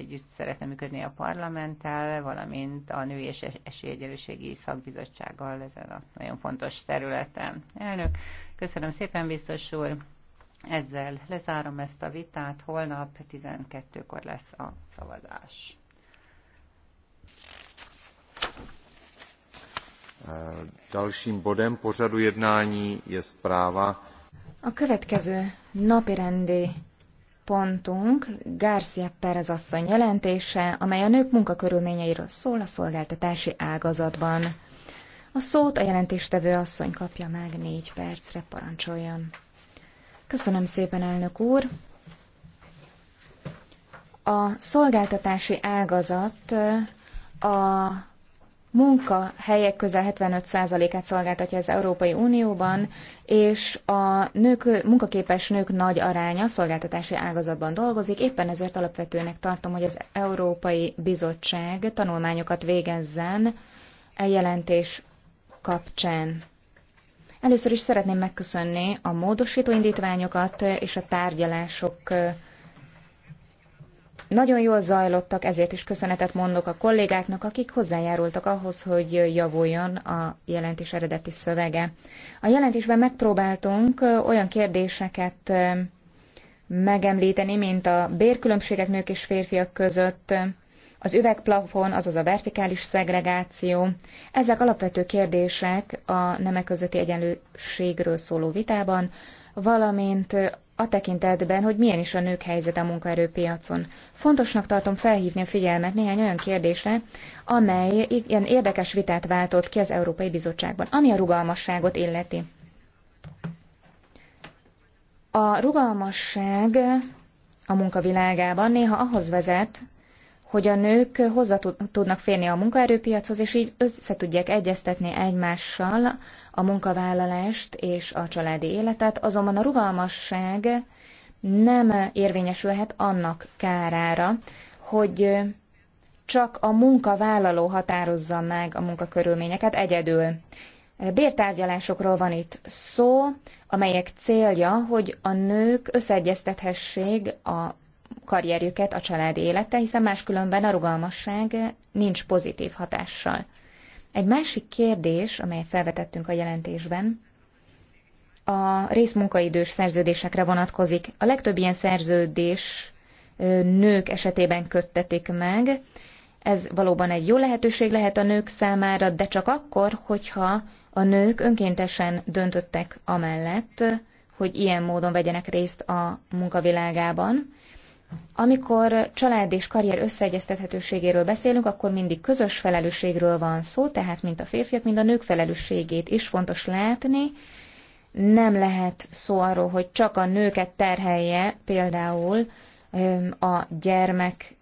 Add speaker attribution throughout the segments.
Speaker 1: együtt szeretne működni a parlamenttel, valamint a Női és Esélyegyelőségi Szakbizottsággal ezen a nagyon fontos területen. Elnök, köszönöm szépen, biztos úr! Ezzel lezárom ezt a vitát, holnap 12-kor lesz a szavazás.
Speaker 2: E, dalším bodem pořadu jednání je zpráva.
Speaker 3: A következő napirendi pontunk Garcia Perez asszony jelentése, amely a nők munkakörülményeiről szól a szolgáltatási ágazatban. A szót a jelentéstevő asszony kapja meg négy percre, parancsoljon. Köszönöm szépen, elnök úr! A szolgáltatási ágazat a munkahelyek közel 75%-át szolgáltatja az Európai Unióban, és a nők, munkaképes nők nagy aránya szolgáltatási ágazatban dolgozik, éppen ezért alapvetőnek tartom, hogy az Európai Bizottság tanulmányokat végezzen e jelentés kapcsán. Először is szeretném megköszönni a módosító indítványokat és a tárgyalások nagyon jól zajlottak, ezért is köszönetet mondok a kollégáknak, akik hozzájárultak ahhoz, hogy javuljon a jelentés eredeti szövege. A jelentésben megpróbáltunk olyan kérdéseket megemlíteni, mint a bérkülönbségek nők és férfiak között, az üvegplafon, azaz a vertikális szegregáció. Ezek alapvető kérdések a nemek közötti egyenlőségről szóló vitában, valamint a tekintetben, hogy milyen is a nők helyzet a munkaerőpiacon. Fontosnak tartom felhívni a figyelmet néhány olyan kérdésre, amely ilyen érdekes vitát váltott ki az Európai Bizottságban, ami a rugalmasságot illeti. A rugalmasság a munkavilágában néha ahhoz vezet, hogy a nők hozzá tudnak férni a munkaerőpiachoz, és így össze tudják egyeztetni egymással a munkavállalást és a családi életet, azonban a rugalmasság nem érvényesülhet annak kárára, hogy csak a munkavállaló határozza meg a munkakörülményeket egyedül. Bértárgyalásokról van itt szó, amelyek célja, hogy a nők összeegyeztethessék a karrierjüket, a család élete, hiszen máskülönben a rugalmasság nincs pozitív hatással. Egy másik kérdés, amelyet felvetettünk a jelentésben, a részmunkaidős szerződésekre vonatkozik. A legtöbb ilyen szerződés nők esetében köttetik meg. Ez valóban egy jó lehetőség lehet a nők számára, de csak akkor, hogyha a nők önkéntesen döntöttek amellett, hogy ilyen módon vegyenek részt a munkavilágában. Amikor család és karrier összeegyeztethetőségéről beszélünk, akkor mindig közös felelősségről van szó, tehát mint a férfiak, mind a nők felelősségét is fontos látni. Nem lehet szó arról, hogy csak a nőket terhelje például a gyermekek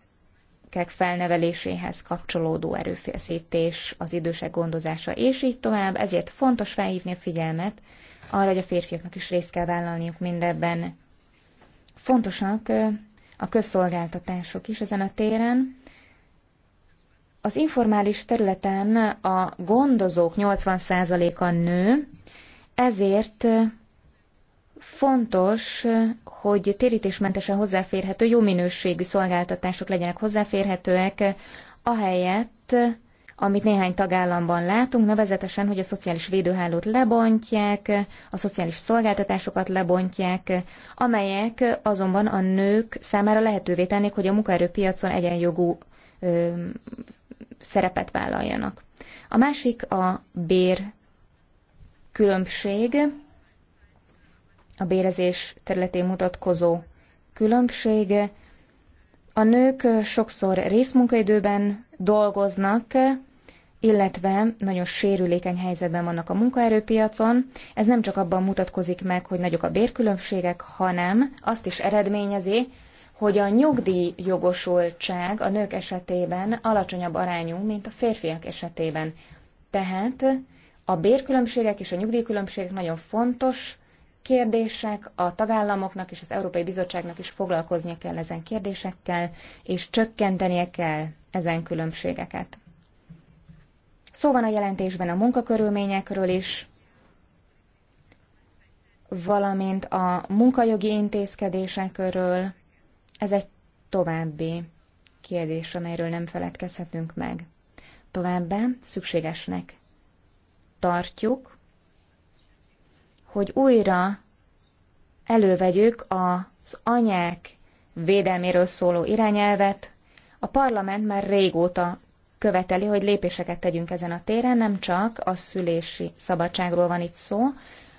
Speaker 3: felneveléséhez kapcsolódó erőfeszítés, az idősek gondozása, és így tovább. Ezért fontos felhívni a figyelmet arra, hogy a férfiaknak is részt kell vállalniuk mindebben. Fontosnak a közszolgáltatások is ezen a téren. Az informális területen a gondozók 80%-a nő, ezért fontos, hogy térítésmentesen hozzáférhető, jó minőségű szolgáltatások legyenek hozzáférhetőek, ahelyett, amit néhány tagállamban látunk, nevezetesen, hogy a szociális védőhálót lebontják, a szociális szolgáltatásokat lebontják, amelyek azonban a nők számára lehetővé tennék, hogy a munkaerőpiacon egyenjogú ö, szerepet vállaljanak. A másik a bér különbség, a bérezés területén mutatkozó különbség. A nők sokszor részmunkaidőben dolgoznak, illetve nagyon sérülékeny helyzetben vannak a munkaerőpiacon. Ez nem csak abban mutatkozik meg, hogy nagyok a bérkülönbségek, hanem azt is eredményezi, hogy a nyugdíj jogosultság a nők esetében alacsonyabb arányú, mint a férfiak esetében. Tehát a bérkülönbségek és a nyugdíjkülönbségek nagyon fontos kérdések, a tagállamoknak és az Európai Bizottságnak is foglalkoznia kell ezen kérdésekkel, és csökkentenie kell ezen különbségeket. Szó van a jelentésben a munkakörülményekről is, valamint a munkajogi intézkedésekről. Ez egy további kérdés, amelyről nem feledkezhetünk meg. Továbbá szükségesnek tartjuk, hogy újra elővegyük az anyák védelméről szóló irányelvet. A parlament már régóta követeli, hogy lépéseket tegyünk ezen a téren, nem csak a szülési szabadságról van itt szó,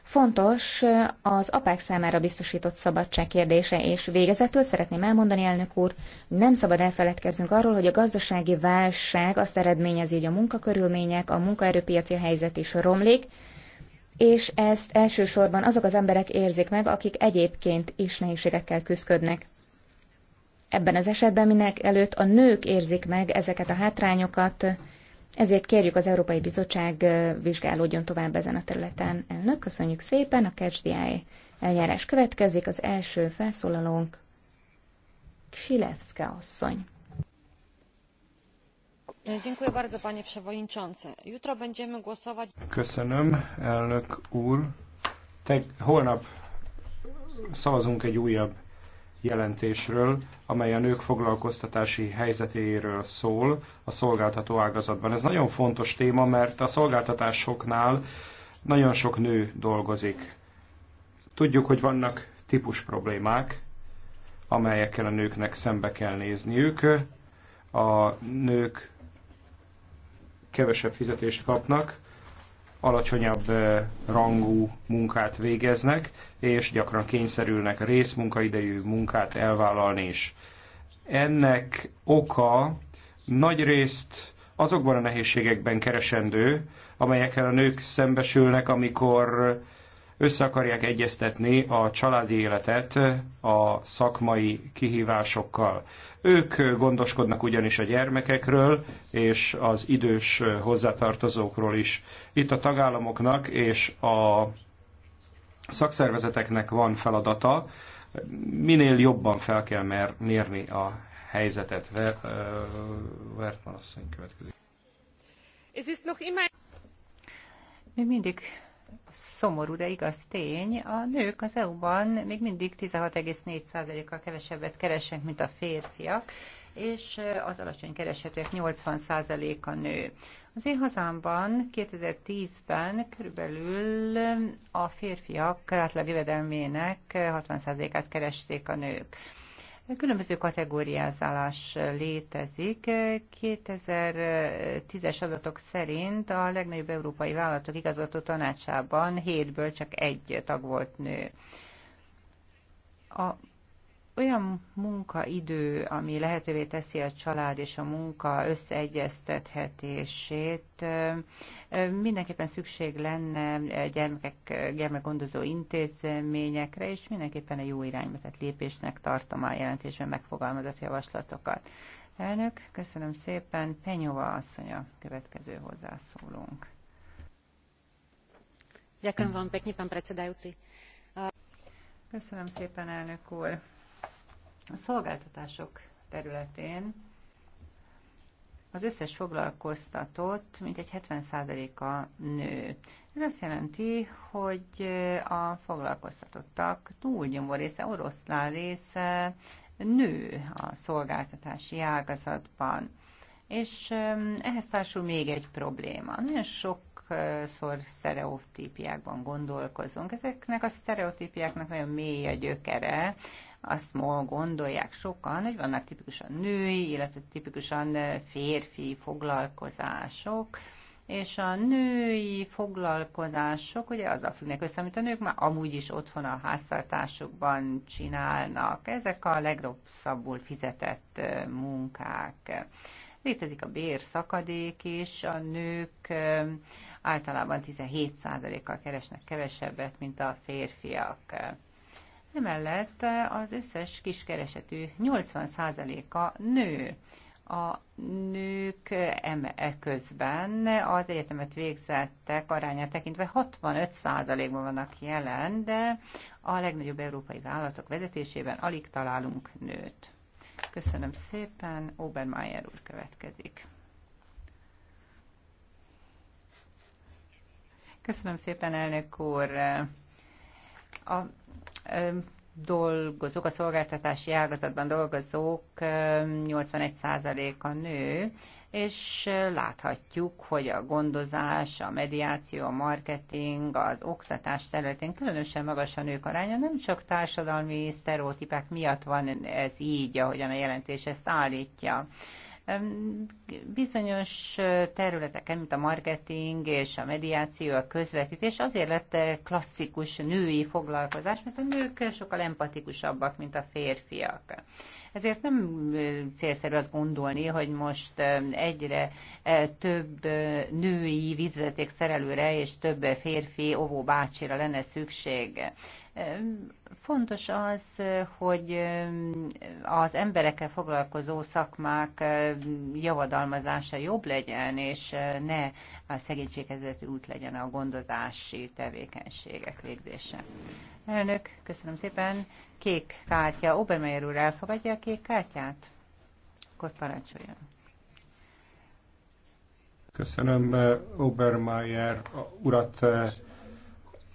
Speaker 3: Fontos az apák számára biztosított szabadság kérdése, és végezetül szeretném elmondani, elnök úr, nem szabad elfeledkeznünk arról, hogy a gazdasági válság azt eredményezi, hogy a munkakörülmények, a munkaerőpiaci helyzet is romlik, és ezt elsősorban azok az emberek érzik meg, akik egyébként is nehézségekkel küzdködnek. Ebben az esetben minek előtt a nők érzik meg ezeket a hátrányokat, ezért kérjük az Európai Bizottság vizsgálódjon tovább ezen a területen. Elnök, köszönjük szépen, a KCDI eljárás következik, az első felszólalónk Ksilevszke asszony.
Speaker 2: Köszönöm, elnök úr. Te, holnap szavazunk egy újabb jelentésről, amely a nők foglalkoztatási helyzetéről szól a szolgáltató ágazatban. Ez nagyon fontos téma, mert a szolgáltatásoknál nagyon sok nő dolgozik. Tudjuk, hogy vannak típus problémák, amelyekkel a nőknek szembe kell nézniük. A nők kevesebb fizetést kapnak, alacsonyabb eh, rangú munkát végeznek, és gyakran kényszerülnek részmunkaidejű munkát elvállalni is. Ennek oka nagyrészt azokban a nehézségekben keresendő, amelyekkel a nők szembesülnek, amikor össze akarják egyeztetni a családi életet a szakmai kihívásokkal. Ők gondoskodnak ugyanis a gyermekekről és az idős hozzátartozókról is. Itt a tagállamoknak és a szakszervezeteknek van feladata, minél jobban fel kell mérni a helyzetet. Ver, uh, Vertman asszony következik.
Speaker 1: Még mindig szomorú, de igaz tény, a nők az EU-ban még mindig 16,4%-kal kevesebbet keresnek, mint a férfiak, és az alacsony keresetőek 80%-a nő. Az én hazámban 2010-ben körülbelül a férfiak jövedelmének 60%-át keresték a nők. Különböző kategóriázálás létezik. 2010-es adatok szerint a legnagyobb európai vállalatok igazgató tanácsában hétből csak egy tag volt nő. A olyan munkaidő, ami lehetővé teszi a család és a munka összeegyeztethetését, mindenképpen szükség lenne gyermekek, gyermekgondozó intézményekre, és mindenképpen a jó irányba tehát lépésnek tartom a jelentésben megfogalmazott javaslatokat. Elnök, köszönöm szépen. Penyova asszonya, következő hozzászólónk. Köszönöm szépen, elnök úr. A szolgáltatások területén az összes foglalkoztatott mintegy 70%-a nő. Ez azt jelenti, hogy a foglalkoztatottak túlnyomó része, oroszlán része nő a szolgáltatási ágazatban. És ehhez társul még egy probléma. Nagyon sok sokszor sztereotípiákban gondolkozunk. Ezeknek a sztereotípiáknak nagyon mély a gyökere, azt ma gondolják sokan, hogy vannak tipikusan női, illetve tipikusan férfi foglalkozások, és a női foglalkozások, ugye az a függnek össze, amit a nők már amúgy is otthon a háztartásukban csinálnak. Ezek a legrosszabbul fizetett munkák. Létezik a bérszakadék is, a nők általában 17%-kal keresnek kevesebbet, mint a férfiak. Emellett az összes kiskeresetű 80%-a nő. A nők e közben az egyetemet végzettek arányát tekintve 65%-ban vannak jelen, de a legnagyobb európai vállalatok vezetésében alig találunk nőt. Köszönöm szépen, Obermeier úr következik. Köszönöm szépen, elnök úr. A dolgozók, a szolgáltatási ágazatban dolgozók 81%-a nő, és láthatjuk, hogy a gondozás, a mediáció, a marketing, az oktatás területén különösen magas a nők aránya, nem csak társadalmi sztereotípák miatt van ez így, ahogyan a jelentés ezt állítja. Bizonyos területeken, mint a marketing és a mediáció, a közvetítés azért lett klasszikus női foglalkozás, mert a nők sokkal empatikusabbak, mint a férfiak. Ezért nem célszerű azt gondolni, hogy most egyre több női vízvezeték szerelőre és több férfi bácsira lenne szükség. Fontos az, hogy az emberekkel foglalkozó szakmák javadalmazása jobb legyen, és ne a szegénységhez út legyen a gondozási tevékenységek végzése. Elnök, köszönöm szépen. Kék kártya. Obermeyer úr elfogadja a kék kártyát? Akkor parancsoljon.
Speaker 2: Köszönöm, Obermeyer urat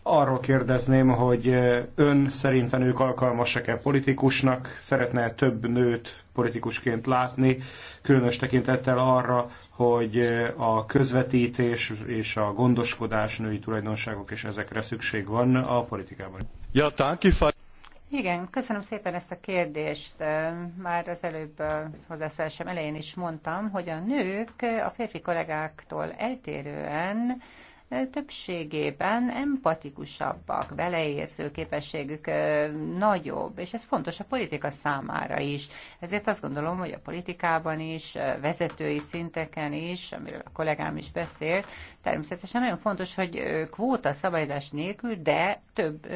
Speaker 2: Arról kérdezném, hogy eh, ön szerinten ők alkalmasak-e politikusnak, szeretne -e több nőt politikusként látni, különös tekintettel arra, hogy eh, a közvetítés és a gondoskodás női tulajdonságok, és ezekre szükség van a politikában. Ja, thank
Speaker 1: Igen, köszönöm szépen ezt a kérdést. Eh, már az előbb hozzászállásom elején is mondtam, hogy a nők a férfi kollégáktól eltérően többségében empatikusabbak, beleérző képességük nagyobb, és ez fontos a politika számára is. Ezért azt gondolom, hogy a politikában is, vezetői szinteken is, amiről a kollégám is beszélt, természetesen nagyon fontos, hogy kvóta szabályzás nélkül, de több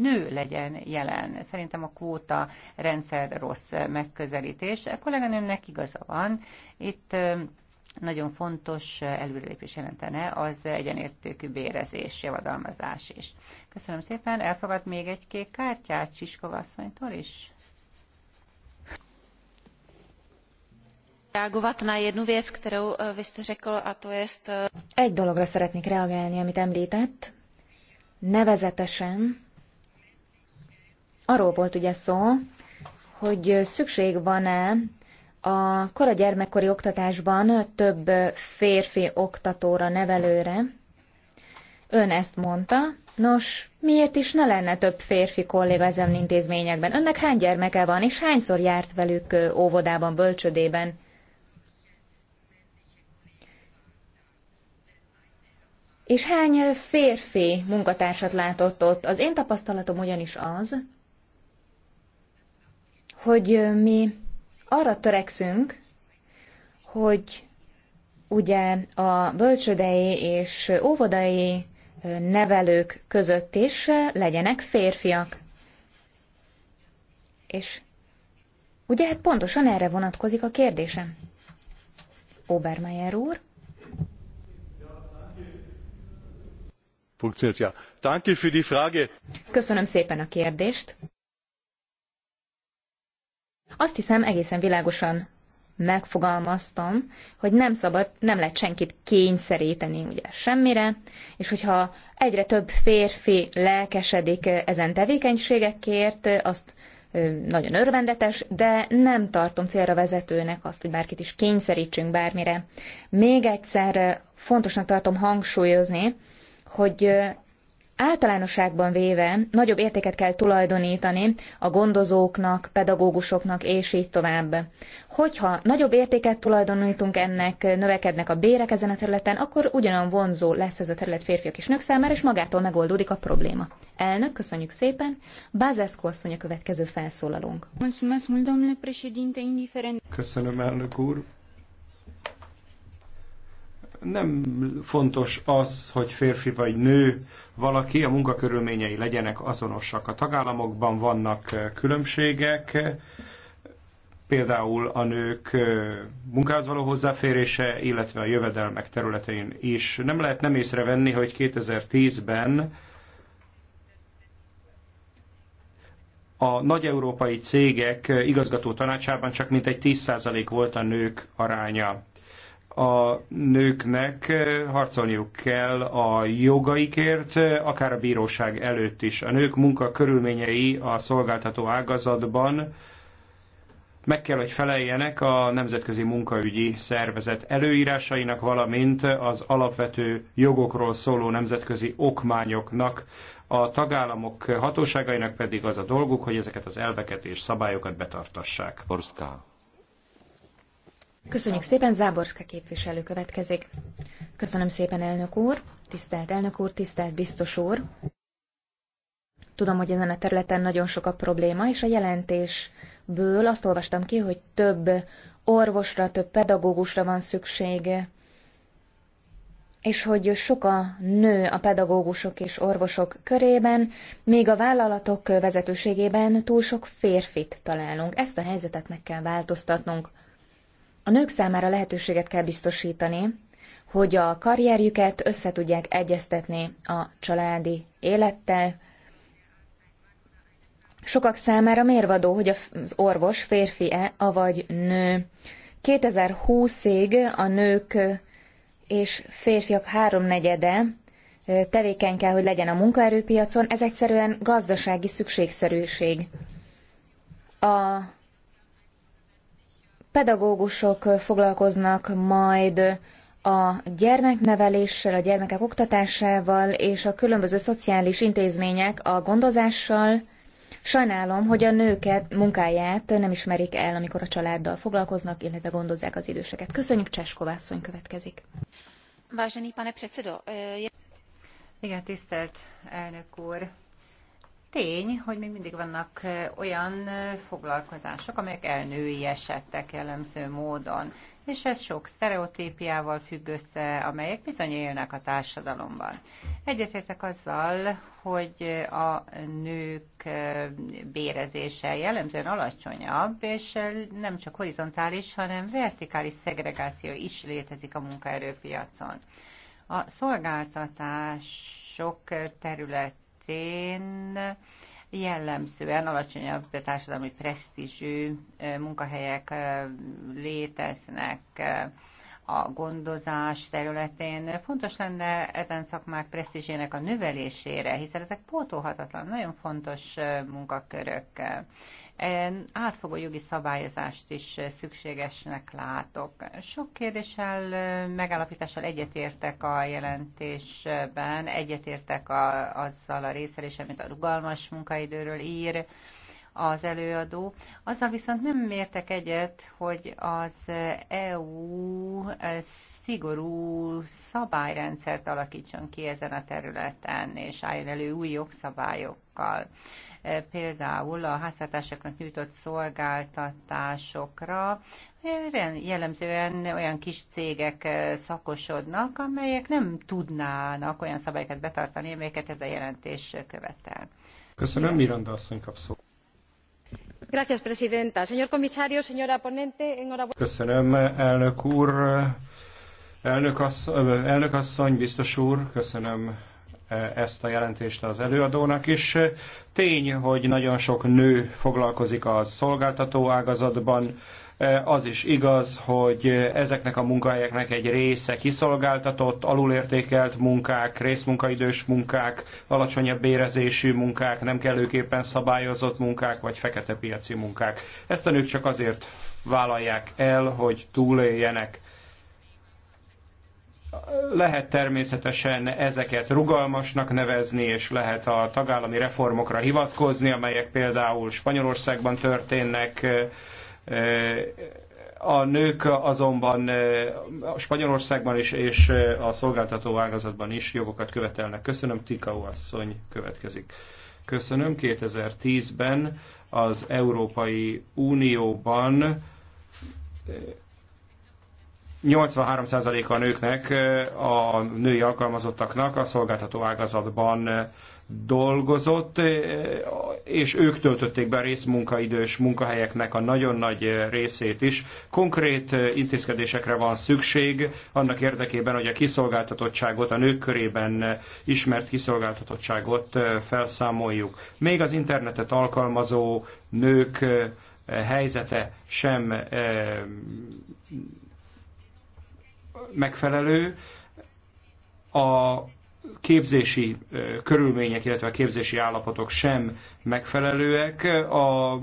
Speaker 1: nő legyen jelen. Szerintem a kvóta rendszer rossz megközelítés. A kolléganőmnek igaza van, itt nagyon fontos előrelépés jelentene az egyenértékű bérezés, javadalmazás is. Köszönöm szépen. Elfogad még egy kék kártyát Csiskova asszonytól is?
Speaker 3: reagovat na jednu věc, kterou eh, vy jste řekl, a to jest... Eh, egy dologra szeretnék reagálni, amit említett. Nevezetesen arról volt ugye szó, hogy szükség van-e a kora gyermekkori oktatásban több férfi oktatóra, nevelőre, ön ezt mondta, nos, miért is ne lenne több férfi kolléga ezen intézményekben? Önnek hány gyermeke van, és hányszor járt velük óvodában, bölcsödében? És hány férfi munkatársat látott ott? Az én tapasztalatom ugyanis az, hogy mi arra törekszünk, hogy ugye a bölcsödei és óvodai nevelők között is legyenek férfiak. És ugye hát pontosan erre vonatkozik a kérdésem. Obermeier úr. Köszönöm szépen a kérdést. Azt hiszem egészen világosan megfogalmaztam, hogy nem szabad, nem lehet senkit kényszeríteni ugye semmire, és hogyha egyre több férfi lelkesedik ezen tevékenységekért, azt nagyon örvendetes, de nem tartom célra vezetőnek azt, hogy bárkit is kényszerítsünk bármire. Még egyszer fontosnak tartom hangsúlyozni, hogy Általánosságban véve nagyobb értéket kell tulajdonítani a gondozóknak, pedagógusoknak és így tovább. Hogyha nagyobb értéket tulajdonítunk ennek, növekednek a bérek ezen a területen, akkor ugyanolyan vonzó lesz ez a terület férfiak és nők számára, és magától megoldódik a probléma. Elnök, köszönjük szépen. Bázeszko asszony a következő felszólalónk.
Speaker 2: Köszönöm, elnök úr nem fontos az, hogy férfi vagy nő valaki, a munkakörülményei legyenek azonosak. A tagállamokban vannak különbségek, például a nők munkához való hozzáférése, illetve a jövedelmek területein is. Nem lehet nem észrevenni, hogy 2010-ben a nagy európai cégek igazgató tanácsában csak mintegy 10% volt a nők aránya a nőknek eh, harcolniuk kell a jogaikért, eh, akár a bíróság előtt is. A nők munka körülményei a szolgáltató ágazatban meg kell, hogy feleljenek a Nemzetközi Munkaügyi Szervezet előírásainak, valamint az alapvető jogokról szóló nemzetközi okmányoknak. A tagállamok hatóságainak pedig az a dolguk, hogy ezeket az elveket és szabályokat betartassák. Orszka.
Speaker 3: Köszönjük szépen, Záborszka képviselő következik. Köszönöm szépen, elnök úr, tisztelt elnök úr, tisztelt biztos úr. Tudom, hogy ezen a területen nagyon sok a probléma, és a jelentésből azt olvastam ki, hogy több orvosra, több pedagógusra van szüksége, és hogy sok a nő a pedagógusok és orvosok körében, még a vállalatok vezetőségében túl sok férfit találunk. Ezt a helyzetet meg kell változtatnunk. A nők számára lehetőséget kell biztosítani, hogy a karrierjüket összetudják egyeztetni a családi élettel. Sokak számára mérvadó, hogy az orvos férfi-e, avagy nő. 2020-ig a nők és férfiak háromnegyede tevékeny kell, hogy legyen a munkaerőpiacon, ez egyszerűen gazdasági szükségszerűség. A pedagógusok foglalkoznak majd a gyermekneveléssel, a gyermekek oktatásával és a különböző szociális intézmények a gondozással. Sajnálom, hogy a nőket munkáját nem ismerik el, amikor a családdal foglalkoznak, illetve gondozzák az időseket. Köszönjük, Cseskovászony következik. Vážený pane předsedo, je...
Speaker 1: Igen, tisztelt elnök úr! tény, hogy még mindig vannak olyan foglalkozások, amelyek elnői esettek jellemző módon, és ez sok sztereotípiával függ össze, amelyek bizony élnek a társadalomban. Egyetértek azzal, hogy a nők bérezése jellemzően alacsonyabb, és nem csak horizontális, hanem vertikális szegregáció is létezik a munkaerőpiacon. A szolgáltatások terület területén jellemzően alacsonyabb társadalmi presztízsű munkahelyek léteznek a gondozás területén fontos lenne ezen szakmák presztízsének a növelésére, hiszen ezek pótolhatatlan, nagyon fontos munkakörök. Átfogó jogi szabályozást is szükségesnek látok. Sok kérdéssel, megállapítással egyetértek a jelentésben, egyetértek a, azzal a részsel amit a rugalmas munkaidőről ír, az előadó. Azzal viszont nem mértek egyet, hogy az EU e, szigorú szabályrendszert alakítson ki ezen a területen, és álljon elő új jogszabályokkal e, például a háztartásoknak nyújtott szolgáltatásokra jellemzően olyan kis cégek e, szakosodnak, amelyek nem tudnának olyan szabályokat betartani, amelyeket ez a jelentés követel.
Speaker 2: Köszönöm, Miranda asszony kapszó
Speaker 1: presidenta. Señor comisario, señora ponente, enhorabuena.
Speaker 2: Köszönöm, elnök asszony, biztos úr, köszönöm e, ezt a jelentést az előadónak is. Tény, hogy nagyon sok nő foglalkozik a szolgáltató ágazatban, az is igaz, hogy ezeknek a munkahelyeknek egy része kiszolgáltatott, alulértékelt munkák, részmunkaidős munkák, alacsonyabb bérezésű munkák, nem kellőképpen szabályozott munkák, vagy fekete piaci munkák. Ezt a nők csak azért vállalják el, hogy túléljenek lehet természetesen ezeket rugalmasnak nevezni, és lehet a tagállami reformokra hivatkozni, amelyek például Spanyolországban történnek, a nők azonban Spanyolországban is és a szolgáltató ágazatban is jogokat követelnek. Köszönöm, Tika asszony következik. Köszönöm, 2010-ben az Európai Unióban 83%-a a nőknek, a női alkalmazottaknak a szolgáltató ágazatban dolgozott, és ők töltötték be a részmunkaidős munkahelyeknek a nagyon nagy részét is. Konkrét intézkedésekre van szükség annak érdekében, hogy a kiszolgáltatottságot, a nők körében ismert kiszolgáltatottságot felszámoljuk. Még az internetet alkalmazó nők helyzete sem megfelelő, a képzési körülmények, illetve a képzési állapotok sem megfelelőek. A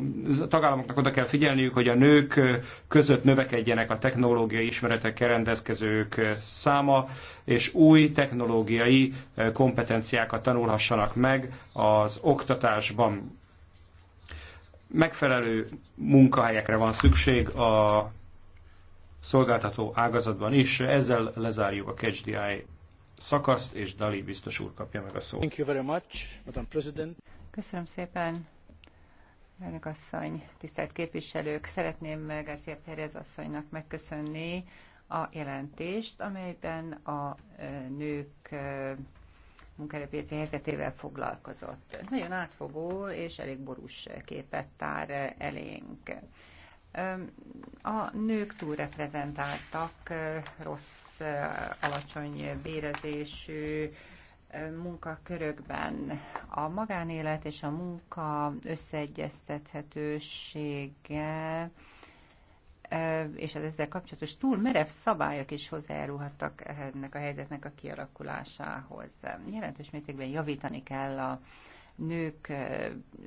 Speaker 2: tagállamoknak oda kell figyelniük, hogy a nők között növekedjenek a technológiai ismeretekkel rendezkezők száma, és új technológiai kompetenciákat tanulhassanak meg az oktatásban. Megfelelő munkahelyekre van szükség a szolgáltató ágazatban is. Ezzel lezárjuk a CatchDI szakaszt, és Dali biztos úr kapja meg a szót. Thank
Speaker 1: you very much, Madam President. Köszönöm szépen, elnök asszony, tisztelt képviselők. Szeretném García Pérez asszonynak megköszönni a jelentést, amelyben a nők munkaerőpiaci helyzetével foglalkozott. Nagyon átfogó és elég borús képet tár elénk. A nők túlreprezentáltak, rossz, alacsony bérezésű munkakörökben. A magánélet és a munka összeegyeztethetősége és az ezzel kapcsolatos túl merev szabályok is hozzájárulhattak ennek a helyzetnek a kialakulásához. Jelentős mértékben javítani kell a nők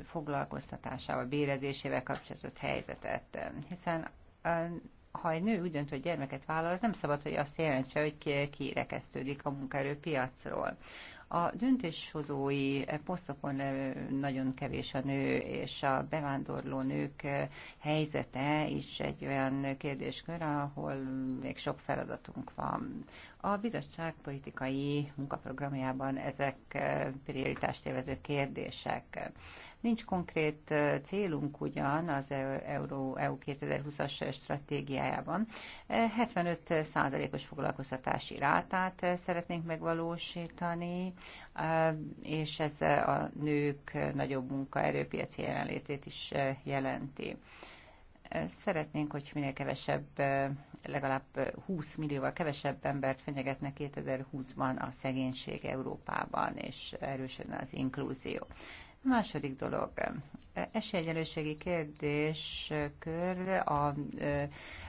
Speaker 1: foglalkoztatásával, bérezésével kapcsolatos helyzetet. Hiszen ha egy nő úgy dönt, hogy gyermeket vállal, az nem szabad, hogy azt jelentse, hogy kirekesztődik a munkaerőpiacról. A döntéshozói posztokon nagyon kevés a nő, és a bevándorló nők helyzete is egy olyan kérdéskör, ahol még sok feladatunk van. A bizottság politikai munkaprogramjában ezek eh, prioritást élvező kérdések. Nincs konkrét eh, célunk ugyan az e-, Euró EU 2020-as stratégiájában. 75%-os eh, foglalkoztatási rátát szeretnénk megvalósítani, és ez a nők nagyobb munkaerőpiaci jelenlétét is jelenti. Szeretnénk, hogy minél kevesebb, legalább 20 millióval kevesebb embert fenyegetne 2020-ban a szegénység Európában, és erősödne az inklúzió. második dolog, esélyegyenlőségi kérdéskör a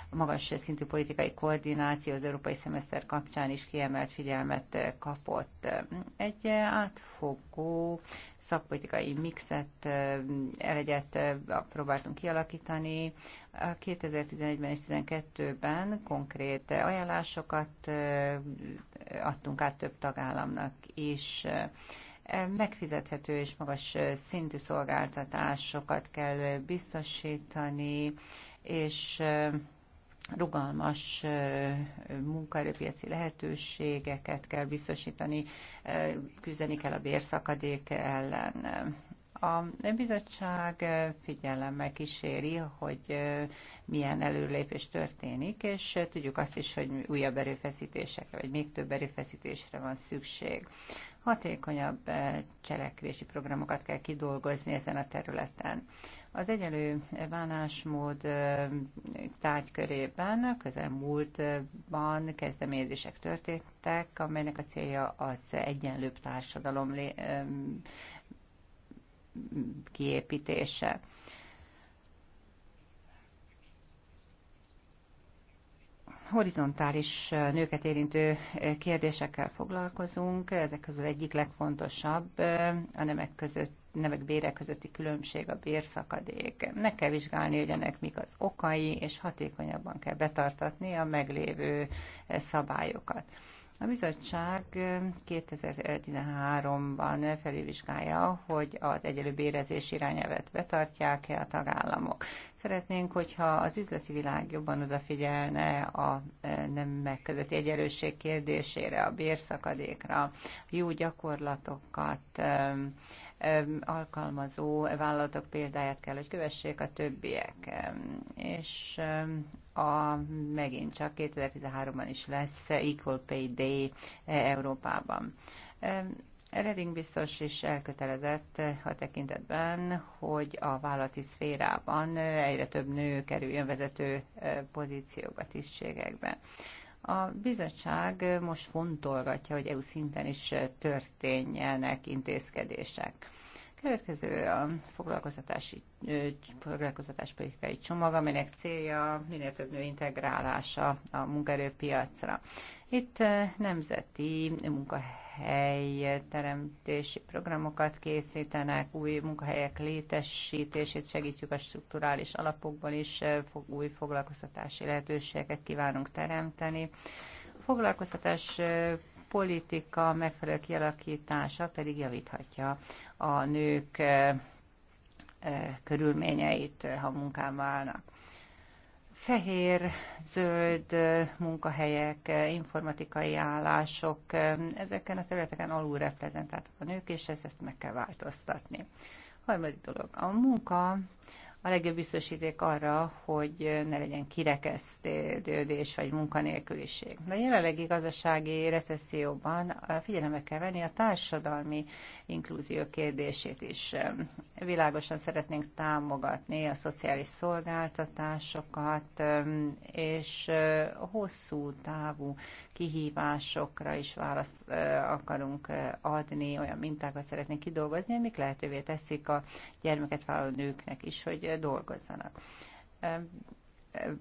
Speaker 1: a magas szintű politikai koordináció az európai szemeszter kapcsán is kiemelt figyelmet kapott. Egy átfogó szakpolitikai mixet, elegyet próbáltunk kialakítani. 2011-ben és 2012-ben konkrét ajánlásokat adtunk át több tagállamnak is megfizethető és magas szintű szolgáltatásokat kell biztosítani, és rugalmas munkaerőpiaci lehetőségeket kell biztosítani, küzdeni kell a bérszakadék ellen a bizottság figyelemmel kíséri, hogy milyen előlépés történik, és tudjuk azt is, hogy újabb erőfeszítésekre, vagy még több erőfeszítésre van szükség. Hatékonyabb cselekvési programokat kell kidolgozni ezen a területen. Az egyenlő bánásmód tárgykörében a közelmúltban kezdeményezések történtek, amelynek a célja az egyenlőbb társadalom kiépítése. horizontális nőket érintő kérdésekkel foglalkozunk, ezek közül egyik legfontosabb a nemek között nemek bére közötti különbség, a bérszakadék. Meg kell vizsgálni, hogy ennek mik az okai, és hatékonyabban kell betartatni a meglévő szabályokat. A bizottság 2013-ban felülvizsgálja, hogy az egyelő bérezés irányelvet betartják-e a tagállamok. Szeretnénk, hogyha az üzleti világ jobban odafigyelne a nem megközötti egyenlőség kérdésére, a bérszakadékra, jó gyakorlatokat alkalmazó vállalatok példáját kell, hogy kövessék a többiek. És a, megint csak 2013-ban is lesz Equal Pay Day e, Európában. Reding biztos is elkötelezett a tekintetben, hogy a vállalati szférában eh, egyre több nő kerüljön vezető eh, pozíciókba, tisztségekbe. A bizottság most fontolgatja, hogy EU szinten is történjenek intézkedések. Következő a foglalkoztatási, foglalkoztatáspolitikai csomag, aminek célja minél több nő integrálása a munkaerőpiacra. Itt nemzeti munkahely munkahelyteremtési programokat készítenek, új munkahelyek létesítését segítjük a strukturális alapokban is, új foglalkoztatási lehetőségeket kívánunk teremteni. A foglalkoztatás politika megfelelő kialakítása pedig javíthatja a nők körülményeit, ha munkában válnak fehér-zöld munkahelyek, informatikai állások, ezeken a területeken alul reprezentáltak a nők, és ezt, ezt meg kell változtatni. Harmadik dolog, a munka a legjobb biztosíték arra, hogy ne legyen kirekesztődés vagy munkanélküliség. De a jelenlegi gazdasági recesszióban figyelembe kell venni a társadalmi inkluzió kérdését is. Világosan szeretnénk támogatni a szociális szolgáltatásokat, és hosszú távú kihívásokra is választ akarunk adni, olyan mintákat szeretnénk kidolgozni, amik lehetővé teszik a gyermeket vállaló nőknek is, hogy dolgozzanak.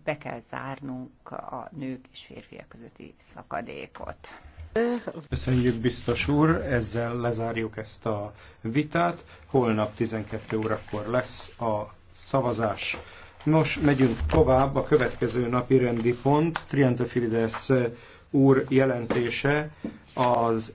Speaker 1: Be kell zárnunk a nők és férfiak közötti szakadékot.
Speaker 2: Köszönjük, biztos úr, ezzel lezárjuk ezt a vitát. Holnap 12 órakor lesz a szavazás. Nos, megyünk tovább, a következő napi rendi pont, Triantafilides úr jelentése az